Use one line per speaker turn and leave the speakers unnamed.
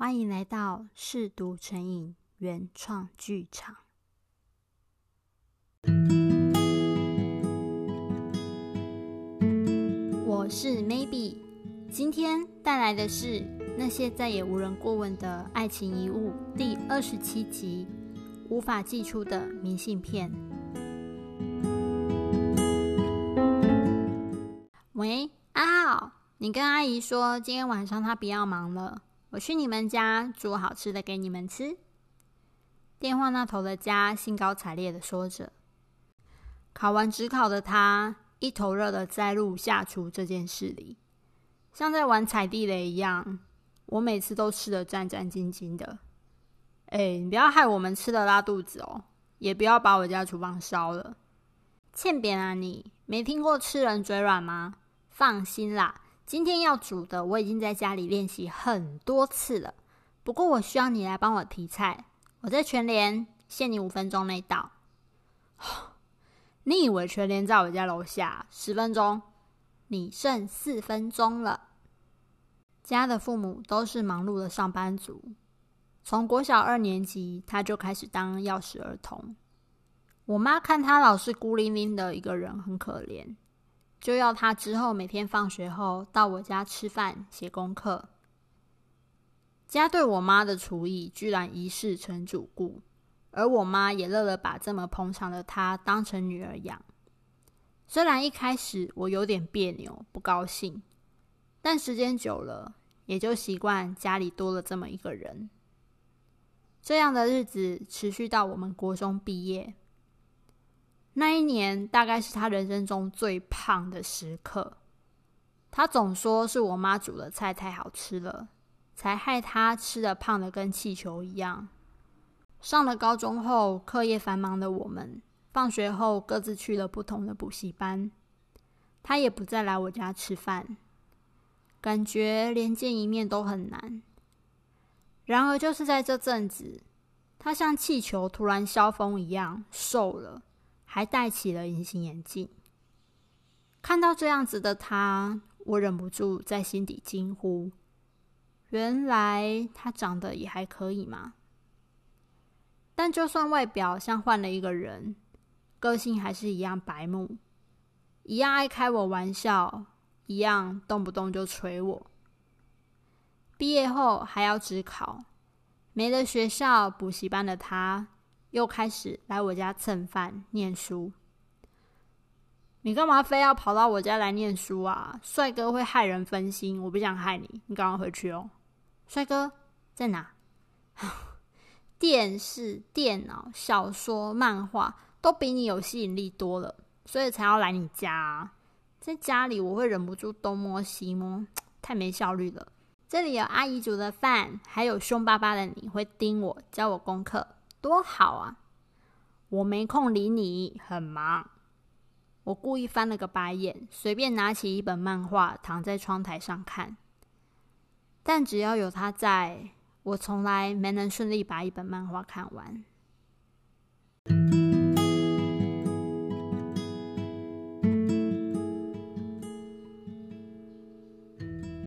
歡迎來到《嗜讀沉影》原創劇場。我是 Maybe，今天帶來的是《那些再也無人過問的愛情遺物》第二十七集《無法寄出的明信片》。喂，阿、啊、浩，你跟阿姨說，今天晚上她不要忙了。我去你們家煮好吃的給你們吃。電話那頭的家興高采烈的說着，考完只考的他一頭熱的栽入下廚這件事裡，像在玩踩地雷一樣。我每次都吃得戰戰兢兢的。哎，你不要害我們吃的拉肚子哦，也不要把我家廚房燒了。欠扁啊你！沒聽過吃人嘴軟嗎？放心啦。今天要煮的我已經在家裡練習很多次了，不過我需要你來幫我提菜。我在全聯，限你五分鐘內到。哦。你以為全聯在我家樓下？十分鐘，你剩四分鐘了。家的父母都是忙碌的上班族，從國小二年級他就開始當鑰匙兒童。我媽看他老是孤零零的一個人，很可憐。就要他之後每天放學後到我家吃飯、寫功課。家對我媽的廚藝居然一試成主顧，而我媽也樂了，把這麼捧場的她當成女兒養。雖然一開始我有點彆扭、不高興，但時間久了也就習慣家裡多了這麼一個人。這樣的日子持續到我們國中畢業。那一年，大概是他人生中最胖的時刻。他總說是我媽煮的菜太好吃了，才害他吃得胖得跟氣球一樣。上了高中後，課業繁忙的我們，放學後各自去了不同的補習班。他也不再來我家吃飯，感覺連見一面都很難。然而，就是在這陣子，他像氣球突然消風一樣，瘦了。還戴起了隱形眼鏡，看到這樣子的他，我忍不住在心底驚呼：“原來他長得也還可以嘛！”但就算外表像換了一個人，個性還是一樣白目，一樣愛開我玩笑，一樣動不動就捶我。畢業後還要指考，沒了學校補習班的他。又開始來我家蹭飯念書。你幹嘛非要跑到我家來念書啊？帥哥會害人分心，我不想害你，你趕快回去哦。帥哥在哪？ 電視、電腦、小說、漫畫都比你有吸引力多了，所以才要來你家啊。在家裡我會忍不住東摸西摸，太沒效率了。這裡有阿姨煮的飯，還有凶巴巴的你會盯我教我功課。多好啊！我沒空理你，很忙。我故意翻了個白眼，隨便拿起一本漫畫，躺在窗台上看。但只要有他在，我從來沒能順利把一本漫畫看完。嗯